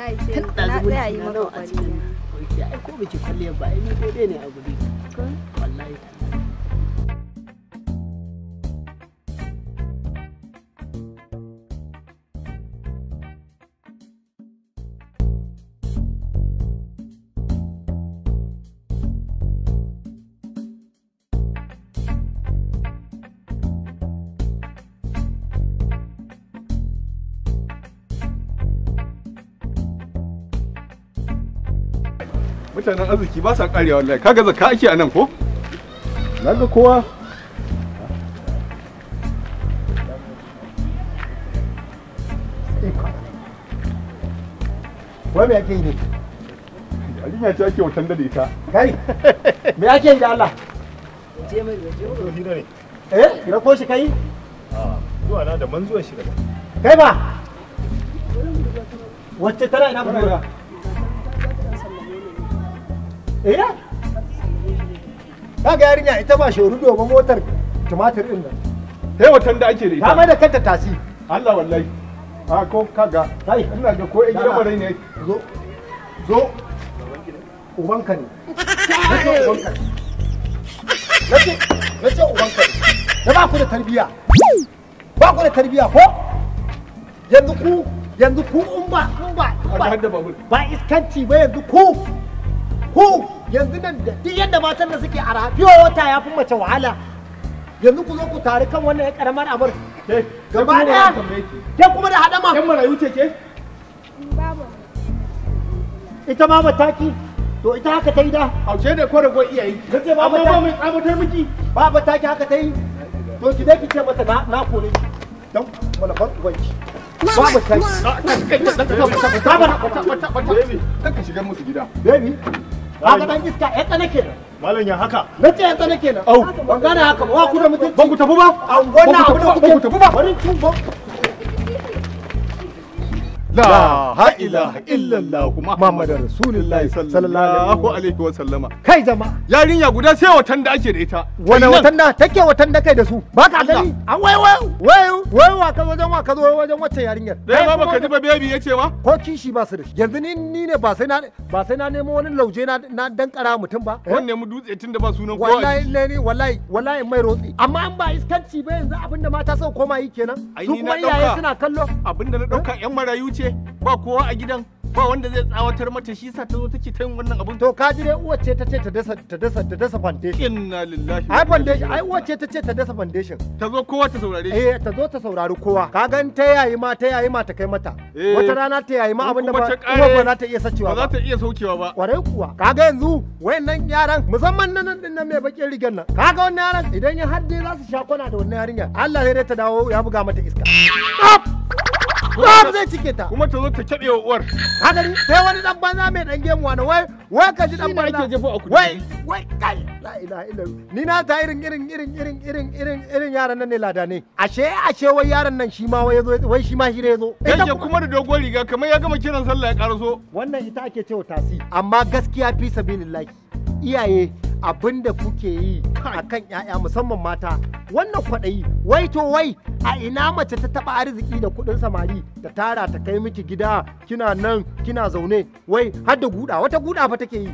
wallahi sai na tsaya yi maka kwalliya ko biki kwalliya ba ni dai ne a guri wallahi mutanen arziki ba sa karewa wallahi kaga zaka ake a nan ko naga kowa wai me ake yi ne alinya ce ake wutan da ita kai me ake yi da Allah je mai je ne eh ira ko shi kai Ah, zuwa na da manzuwan shi da kai ba wacce tana ina budura eh kaga yarinya ita ba shi shorudo ba motar tumatir din nan sai watan da ake da ita ta mai da kanta tasi Allah wallahi a ko kaga kai ina ga ko in gidan marai ne zo zo ubanka ne nace ubanka nace nace ubanka Da ba ku da tarbiya ba ku da tarbiya ko yanzu ku yanzu ku in ba in ba ba iskanci ba yanzu ku ko yanzu nan da duk yadda matan da suke a rafiyo wata ya fi mace wahala yanzu ku zo ku tare kan wannan ya karamar amur gaba daya ke kuma da hadama kan marayu ce ke ita ma mataki to ita haka ta yi da haushe ne ko rago iyayi kace ba ba mai tsamutar miki ba mataki haka ta yi to ki dai ki ce mata na na kore dan wala ban ubanki ba mataki ka shiga musu gida baby kaga dan ya malam ya haka nace ya tsana kenan au ba wa ku tafi ba a ku tafi ba la ha illallah kuma muhammadu rasulullahi sallallahu alaihi wa sallama kai jama yarinya guda sai watan da ake da ita wani watan da take watan da kai da su ba ka gani a wai wai wai wai wa ka wajen wa ka zo wajen wacce yarinyar dai ba baka ji ba baby yace ma ko kishi ba su da shi yanzu ni ni ne ba sai na ba sai na nemo wani lauje na na dankara mutum ba wannan nemi dutse tunda ba sunan kowa wallahi ne wallahi wallahi mai rotsi amma an ba iskanci ba yanzu abinda mata sau koma yi kenan su kuma iyaye suna kallo abinda na dauka yan marayu ce ce ba kowa a gidan ba wanda zai tsawatar mata shi sa ta zo take ta yin wannan abun to ka ji dai uwar ce ta ce ta dasa ta dasa ta dasa foundation inna lillahi ai foundation ai uwar ce ta ce ta dasa foundation ta zo kowa ta saurare shi eh ta zo ta saurari kowa ka gan ta yayi ma ta yayi ma ta kai mata eh. wata rana ta yayi ma abin da ba uwar ba za ta iya sacewa ba za ta iya saukewa ba kwarai kuwa ka ga yanzu wayannan yaran musamman nan din nan mai bakin rigar nan ka ga wannan yaran idan ya hadde za su sha kona da wannan yarinya Allah sai dai ta dawo ya buga mata iska Tsaf zai cike ta. Kuma ta zo ta kyaɓe wa uwar. Haka Sai wani dan banza mai dan gemu wani wai wai ka ji dan banza. Shi ne jefa a kudu. Wai wai kai. La ilaha illa. Ni na ta irin irin irin irin irin irin irin yaran nan ne lada ne. Ashe ashe wai yaran nan shi ma wai yazo wai shi ma shi ne yazo. Yake kuma da dogon riga kamar ya gama kiran sallah ya karaso. Wannan ita ake cewa tasi. Amma gaskiya fi sabilillahi. Iyaye abin da kuke yi a kan 'ya'ya musamman mata wannan kwaɗayi wai to wai a ina mace ta taɓa arziki da kuɗin samari da tara ta kai miki gida kina nan kina zaune wai har da guda wata guda fa take yi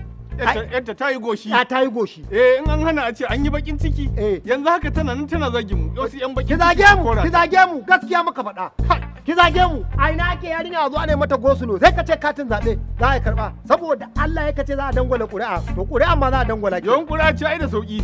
yadda ta yi goshi ya ta yi goshi eh in an hana a ce an yi bakin ciki eh. yanzu haka tana nan tana zagi mu wasu yan bakin ciki ki zage mu ki zage mu gaskiya muka faɗa ki zage mu ai na ke yarinya zuwa ne mata gosulo sai ka ce katin zaɓe za a karɓa saboda Allah ya kace za a dangwala ƙuri'a to ƙuri'a ma za a dangwala ki yawan ƙuri'a ce ai da sauki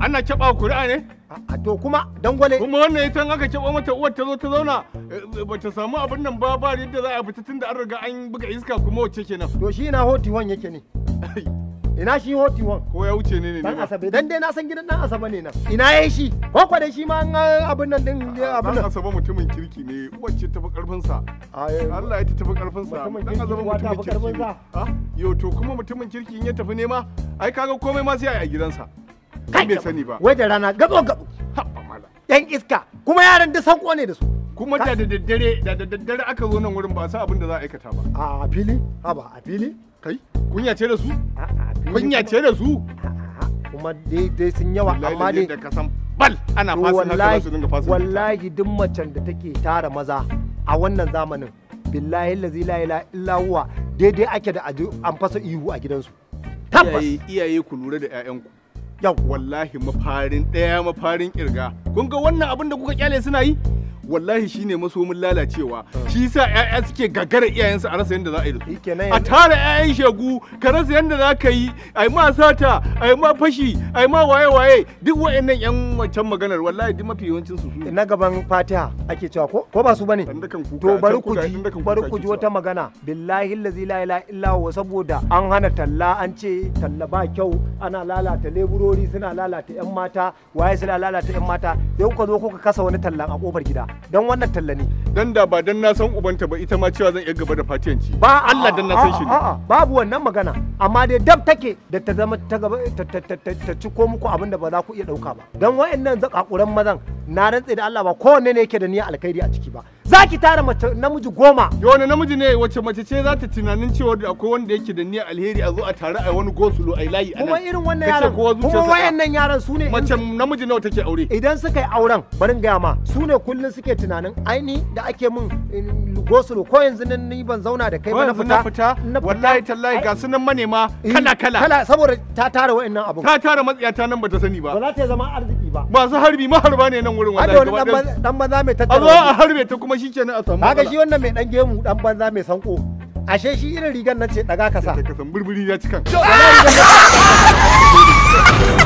ana caɓa ƙuri'a ne a to kuma dangwale kuma wannan ita aka caɓa mata uwar ta zo ta zauna eh, bata samu abin nan ba ba yadda za a fita tunda an riga an buga iska kuma wacce kenan to shi na hoti wan yake ne ina shi hoti wan ko ya wuce ne ne dan asabe dan dai na san gidan dan asabe ne nan ina yayi shi ko kwa dai shi ma an eh, abin nan din eh, abin nan asabe mutumin kirki ne wacce tafi karfin sa eh, Allah ya tafi karfin sa dan asabe mutumin kirki ne ah, yo to kuma mutumin kirki in ya tafi nema ai kaga komai ma sai a gidansa kai bai sani ba wai da rana gabo gabo haba mala yan iska kuma yaran da sanko ne da su kuma da daddare da daddare aka zo nan wurin ba sa abin da za a aikata ba a fili haba a fili kai kunya ce da su a'a kunya ce da su kuma daidai sun yawa amma dai da kasan bal ana fasin haka su dinga fasin wallahi duk macen da take tara maza a wannan zamanin billahi lazi la ila illa huwa daidai ake da an fasa ihu a gidansu tabbas iyaye ku lura da ƴaƴanku yau wallahi mafarin ɗaya mafarin kirga kun ga wannan abin da kuka kyale suna yi wallahi shine mun lalacewa shi yasa ƴaƴa suke gagara iyayensu a rasa yadda za a yi a tara ƴaƴan shegu ka rasa yadda za ka yi ai ma sata ai ma fashi ai ma waye waye duk wayannan ƴan wancan maganar wallahi duk mafi yawancin su na gaban fatiha ake cewa ko ko ba su bane to bari ku ji bari ku ji wata magana billahi allazi la ilaha illa huwa saboda an hana talla an ce talla ba kyau ana lalata leburori suna lalata ƴan mata waye suna lalata ƴan mata yau ka zo ko ka kasa wani tallan a kofar gida don wannan talla ne dan da ba dan na san ubanta ba ita ma cewa zan iya gaba da fatiyanci ba Allah dan na san shi ne babu wannan magana amma dai dab take da ta zama ta gaba ta ci ko muku abin da ba za ku iya dauka ba dan wa'annan zakakuran mazan na rantse da Allah ba kowanne ne yake da niyyar alkhairi a ciki ba za ki tara mace namiji goma yo wani namiji ne wace mace ce za ta tunanin cewa da akwai wanda yake da niyyar alheri a zo a tare a wani gosulo a layi a kuma irin wannan yaran kuma wayannan yaran su ne mace namiji nawa take aure idan suka yi auren barin gaya ma su ne kullun suke tunanin aini da ake min gosulo ko yanzu nan ni ban zauna da kai ba na fita wallahi tallahi ga sunan manema eh, kala kala kala saboda ta tara wayannan abun ta tara matsayata nan ba ta sani ba ba za ta zama arziki ba masu harbi maharba ne nan wurin wannan gaba ɗaya dan banza mai tattara a harbe ta kuma shi kenan a samu kaga shi wannan mai dan gemu dan banza mai sanko ashe shi irin rigan nan ce daga kasa ta kasan burburi ya cikan